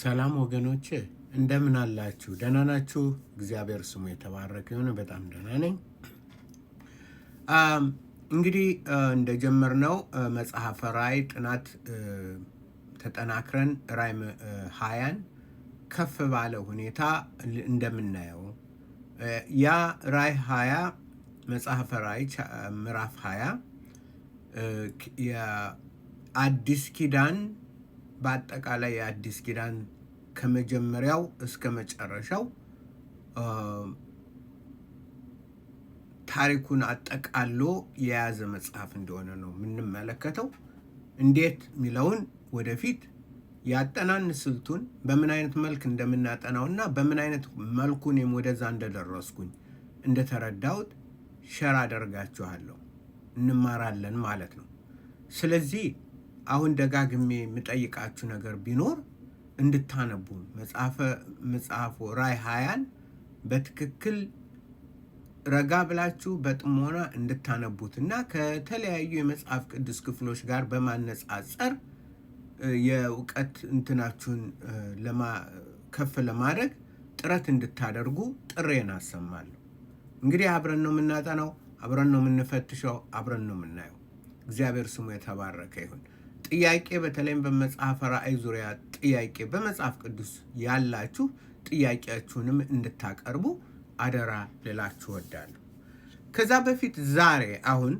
ሰላም ወገኖች እንደምን አላችሁ? ደህና ናችሁ? እግዚአብሔር ስሙ የተባረከ የሆነ በጣም ደህና ነኝ። እንግዲህ እንደጀመርነው መጽሐፈ ራእይ ጥናት ተጠናክረን ራእይ ሀያን ከፍ ባለ ሁኔታ እንደምናየው ያ ራእይ ሀያ መጽሐፈ ራእይ ምዕራፍ ሀያ የአዲስ ኪዳን በአጠቃላይ የአዲስ ኪዳን ከመጀመሪያው እስከ መጨረሻው ታሪኩን አጠቃሎ የያዘ መጽሐፍ እንደሆነ ነው የምንመለከተው። እንዴት የሚለውን ወደፊት ያጠናን ስልቱን በምን አይነት መልክ እንደምናጠናው እና በምን አይነት መልኩ እኔም ወደዛ እንደደረስኩኝ እንደተረዳሁት ሸር አደርጋችኋለሁ። እንማራለን ማለት ነው። ስለዚህ አሁን ደጋግሜ የምጠይቃችሁ ነገር ቢኖር እንድታነቡ መጽሐፈ መጽሐፉ ራይ ሀያን በትክክል ረጋ ብላችሁ በጥሞና እንድታነቡት እና ከተለያዩ የመጽሐፍ ቅዱስ ክፍሎች ጋር በማነጻጸር የእውቀት እንትናችሁን ከፍ ለማድረግ ጥረት እንድታደርጉ ጥሬን አሰማለሁ። እንግዲህ አብረን ነው የምናጠናው፣ አብረን ነው የምንፈትሸው፣ አብረን ነው የምናየው። እግዚአብሔር ስሙ የተባረከ ይሁን። ጥያቄ በተለይም በመጽሐፈ ራእይ ዙሪያ ጥያቄ በመጽሐፍ ቅዱስ ያላችሁ ጥያቄያችሁንም እንድታቀርቡ አደራ ልላችሁ ወዳለሁ። ከዛ በፊት ዛሬ አሁን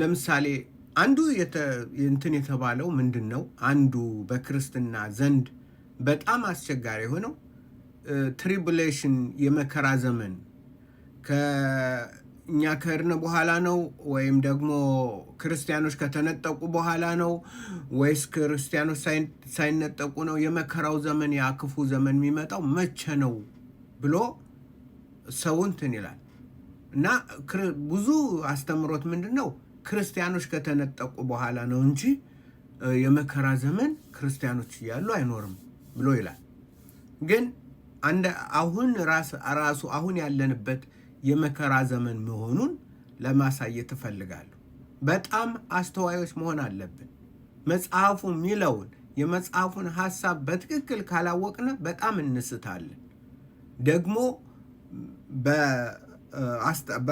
ለምሳሌ አንዱ እንትን የተባለው ምንድን ነው? አንዱ በክርስትና ዘንድ በጣም አስቸጋሪ የሆነው ትሪቡሌሽን የመከራ ዘመን እኛ ከሄድን በኋላ ነው ወይም ደግሞ ክርስቲያኖች ከተነጠቁ በኋላ ነው ወይስ ክርስቲያኖች ሳይነጠቁ ነው የመከራው ዘመን ያ ክፉ ዘመን የሚመጣው መቼ ነው ብሎ ሰው እንትን ይላል እና ብዙ አስተምሮት ምንድን ነው ክርስቲያኖች ከተነጠቁ በኋላ ነው እንጂ የመከራ ዘመን ክርስቲያኖች እያሉ አይኖርም ብሎ ይላል። ግን አሁን ራሱ አሁን ያለንበት የመከራ ዘመን መሆኑን ለማሳየት እፈልጋለሁ። በጣም አስተዋዮች መሆን አለብን። መጽሐፉ የሚለውን የመጽሐፉን ሐሳብ በትክክል ካላወቅነ በጣም እንስታለን። ደግሞ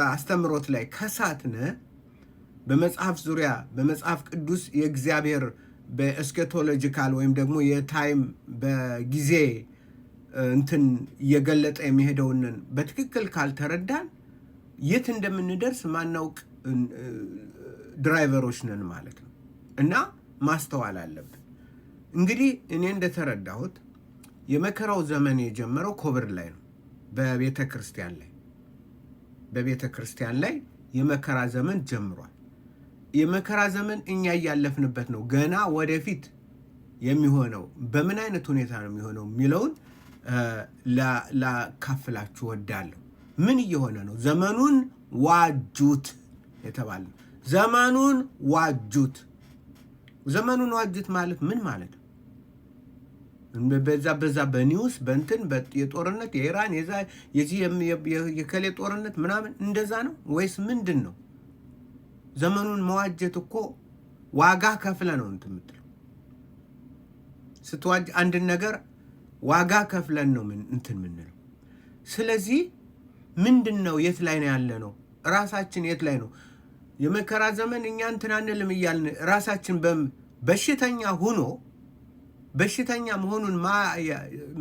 በአስተምሮት ላይ ከሳትነ በመጽሐፍ ዙሪያ በመጽሐፍ ቅዱስ የእግዚአብሔር በኤስኬቶሎጂካል ወይም ደግሞ የታይም በጊዜ እንትን እየገለጠ የሚሄደውንን በትክክል ካልተረዳን የት እንደምንደርስ ማናውቅ ድራይቨሮች ነን ማለት ነው እና ማስተዋል አለብን። እንግዲህ እኔ እንደተረዳሁት የመከራው ዘመን የጀመረው ኮብር ላይ ነው። በቤተ ክርስቲያን ላይ በቤተ ክርስቲያን ላይ የመከራ ዘመን ጀምሯል። የመከራ ዘመን እኛ እያለፍንበት ነው። ገና ወደፊት የሚሆነው በምን አይነት ሁኔታ ነው የሚሆነው የሚለውን ላካፍላችሁ ወዳለሁ። ምን እየሆነ ነው? ዘመኑን ዋጁት የተባለ ነው። ዘመኑን ዋጁት። ዘመኑን ዋጁት ማለት ምን ማለት ነው? በዛ በዛ በኒውስ በእንትን የጦርነት የኢራን የዛ የዚህ የከሌ ጦርነት ምናምን እንደዛ ነው ወይስ ምንድን ነው? ዘመኑን መዋጀት እኮ ዋጋ ከፍለ ነው እንትን የምትለው ስትዋጅ አንድን ነገር ዋጋ ከፍለን ነው እንትን ምንለው። ስለዚህ ምንድን ነው የት ላይ ነው ያለ ነው ራሳችን የት ላይ ነው የመከራ ዘመን እኛ እንትን አንልም እያልን ራሳችን በሽተኛ ሁኖ በሽተኛ መሆኑን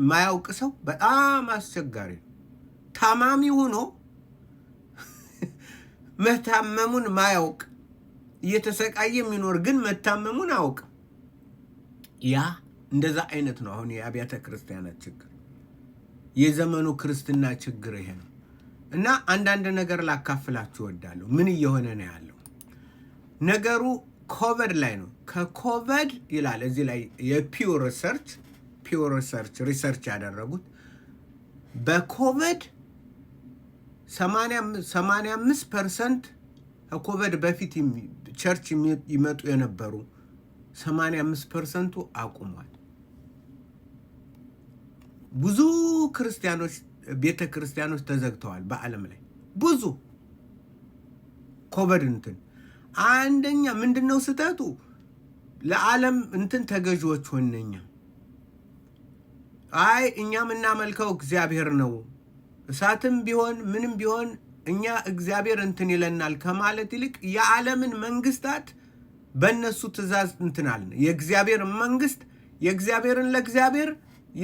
ማያውቅ ሰው በጣም አስቸጋሪ ነው። ታማሚ ሁኖ መታመሙን ማያውቅ እየተሰቃየ የሚኖር ግን መታመሙን አውቅ ያ እንደዛ አይነት ነው አሁን የአብያተ ክርስቲያናት ችግር፣ የዘመኑ ክርስትና ችግር ይሄ ነው። እና አንዳንድ ነገር ላካፍላችሁ እወዳለሁ። ምን እየሆነ ነው ያለው ነገሩ? ኮቨድ ላይ ነው። ከኮቨድ ይላል እዚህ ላይ የፒው ሪሰርች ፒው ሪሰርች ሪሰርች ያደረጉት በኮቨድ 85 ፐርሰንት ከኮቨድ በፊት ቸርች ይመጡ የነበሩ 85 ፐርሰንቱ አቁሟል። ብዙ ክርስቲያኖች ቤተ ክርስቲያኖች ተዘግተዋል በዓለም ላይ ብዙ ኮበድ እንትን አንደኛ ምንድን ነው ስህተቱ? ለዓለም እንትን ተገዥዎች ሆነኛ። አይ እኛ የምናመልከው እግዚአብሔር ነው፣ እሳትም ቢሆን ምንም ቢሆን እኛ እግዚአብሔር እንትን ይለናል ከማለት ይልቅ የዓለምን መንግስታት በእነሱ ትእዛዝ እንትናል የእግዚአብሔር መንግስት የእግዚአብሔርን ለእግዚአብሔር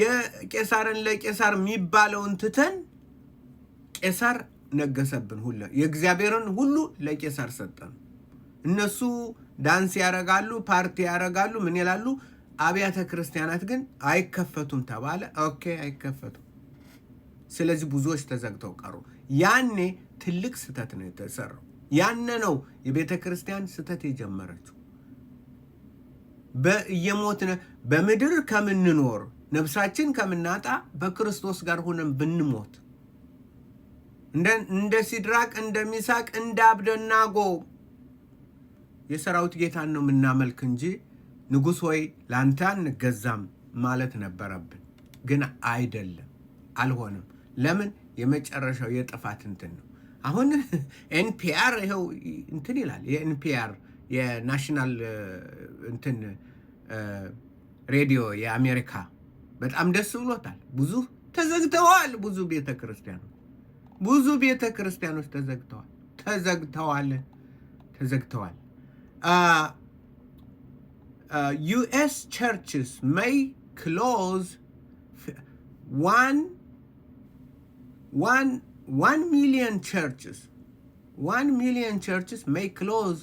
የቄሳርን ለቄሳር የሚባለውን ትተን ቄሳር ነገሰብን። ሁሉ የእግዚአብሔርን ሁሉ ለቄሳር ሰጠን። እነሱ ዳንስ ያረጋሉ፣ ፓርቲ ያረጋሉ፣ ምን ይላሉ። አብያተ ክርስቲያናት ግን አይከፈቱም ተባለ። ኦኬ አይከፈቱም። ስለዚህ ብዙዎች ተዘግተው ቀሩ። ያኔ ትልቅ ስህተት ነው የተሰራው። ያነ ነው የቤተ ክርስቲያን ስህተት የጀመረችው። በእየሞትነ በምድር ከምንኖር ነብሳችን ከምናጣ በክርስቶስ ጋር ሆነን ብንሞት እንደ ሲድራቅ እንደ ሚሳቅ እንደ አብደናጎ የሰራዊት ጌታን ነው የምናመልክ እንጂ ንጉሥ ሆይ ለአንተ አንገዛም ማለት ነበረብን። ግን አይደለም፣ አልሆነም። ለምን? የመጨረሻው የጥፋት እንትን ነው። አሁን ኤንፒአር ይኸው እንትን ይላል። የኤንፒአር የናሽናል እንትን ሬዲዮ የአሜሪካ በጣም ደስ ብሎታል። ብዙ ተዘግተዋል። ብዙ ቤተ ክርስቲያኖች ብዙ ቤተ ክርስቲያኖች ተዘግተዋል ተዘግተዋል ተዘግተዋል። ዩኤስ ቸርችስ ሜይ ክሎዝ ዋን ሚሊዮን ቸርችስ ዋን ሚሊዮን ቸርችስ ሜይ ክሎዝ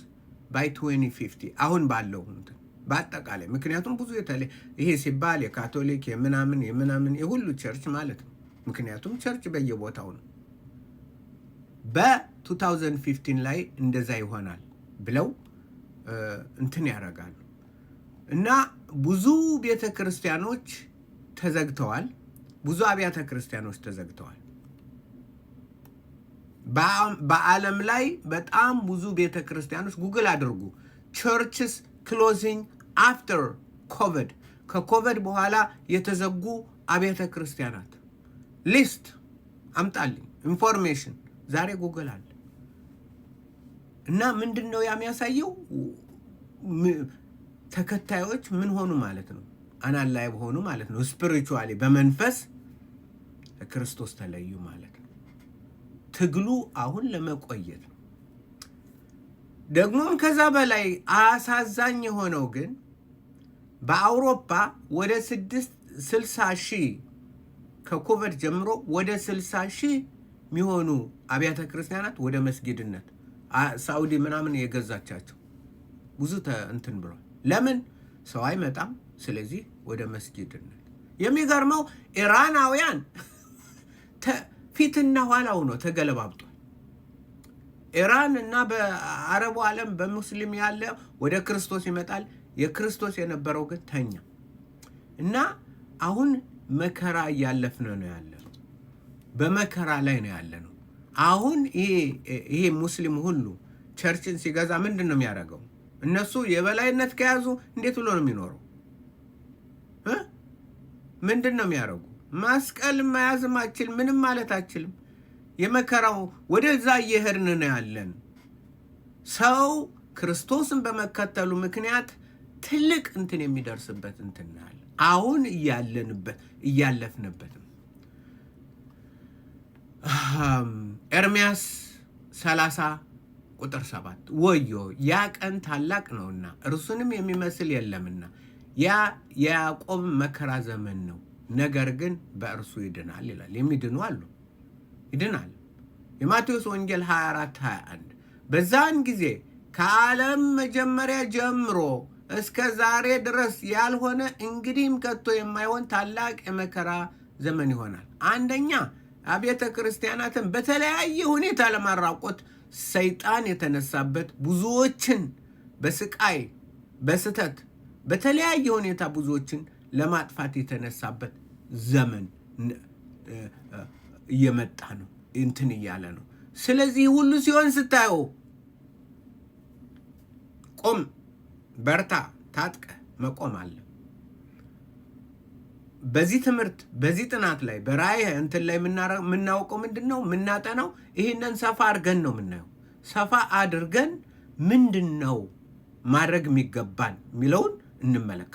ባይ 2050 አሁን ባለው እንትን በአጠቃላይ ምክንያቱም ብዙ የተለ ይሄ ሲባል የካቶሊክ የምናምን የምናምን የሁሉ ቸርች ማለት ነው። ምክንያቱም ቸርች በየቦታው ነው። በ2015 ላይ እንደዛ ይሆናል ብለው እንትን ያደርጋሉ እና ብዙ ቤተ ክርስቲያኖች ተዘግተዋል። ብዙ አብያተ ክርስቲያኖች ተዘግተዋል። በዓለም ላይ በጣም ብዙ ቤተ ክርስቲያኖች ጉግል አድርጉ ቸርችስ ክሎዚንግ አፍተር ኮቪድ ከኮቪድ በኋላ የተዘጉ አብያተ ክርስቲያናት ሊስት አምጣልኝ ኢንፎርሜሽን። ዛሬ ጉግል አለ እና ምንድን ነው የሚያሳየው? ተከታዮች ምን ሆኑ ማለት ነው? አናን ላይ ሆኑ ማለት ነው። ስፒሪቹዋሊ በመንፈስ ክርስቶስ ተለዩ ማለት ነው። ትግሉ አሁን ለመቆየት ነው። ደግሞም ከዛ በላይ አሳዛኝ የሆነው ግን በአውሮፓ ወደ ስድስት ስልሳ ሺህ ከኮቨድ ጀምሮ ወደ ስልሳ ሺህ የሚሆኑ አብያተ ክርስቲያናት ወደ መስጊድነት ሳውዲ ምናምን የገዛቻቸው ብዙ እንትን ብሏል። ለምን ሰው አይመጣም? ስለዚህ ወደ መስጊድነት። የሚገርመው ኢራናውያን ፊትና ኋላው ነው ተገለባብጦ ኢራን እና በአረቡ ዓለም በሙስሊም ያለ ወደ ክርስቶስ ይመጣል። የክርስቶስ የነበረው ግን ተኛ እና አሁን መከራ እያለፍነ ነው ያለ ነው። በመከራ ላይ ነው ያለ ነው። አሁን ይሄ ሙስሊም ሁሉ ቸርችን ሲገዛ ምንድን ነው የሚያደርገው? እነሱ የበላይነት ከያዙ እንዴት ብሎ ነው የሚኖረው? ምንድን ነው የሚያደርጉ? መስቀል መያዝም አችልም፣ ምንም ማለት አችልም። የመከራው ወደዛ እየሄድን ነው ያለን። ሰው ክርስቶስን በመከተሉ ምክንያት ትልቅ እንትን የሚደርስበት እንትን ያለ አሁን እያለንበት እያለፍንበትም ኤርምያስ 30 ቁጥር 7 ወዮ ያ ቀን ታላቅ ነውና እርሱንም የሚመስል የለምና ያ የያዕቆብ መከራ ዘመን ነው፣ ነገር ግን በእርሱ ይድናል ይላል። የሚድኑ አሉ። ይድናል። የማቴዎስ ወንጌል 24 21 በዛን ጊዜ ከዓለም መጀመሪያ ጀምሮ እስከ ዛሬ ድረስ ያልሆነ እንግዲህም ከቶ የማይሆን ታላቅ የመከራ ዘመን ይሆናል። አንደኛ አብያተ ክርስቲያናትን በተለያየ ሁኔታ ለማራቆት ሰይጣን የተነሳበት ብዙዎችን በስቃይ በስተት በተለያየ ሁኔታ ብዙዎችን ለማጥፋት የተነሳበት ዘመን እየመጣ ነው እንትን እያለ ነው። ስለዚህ ሁሉ ሲሆን ስታየው ቆም፣ በርታ፣ ታጥቀ መቆም አለ። በዚህ ትምህርት በዚህ ጥናት ላይ በራእይ እንትን ላይ የምናውቀው ምንድን ነው? የምናጠናው ይህንን ሰፋ አድርገን ነው የምናየው። ሰፋ አድርገን ምንድን ነው ማድረግ የሚገባን የሚለውን እንመለከት።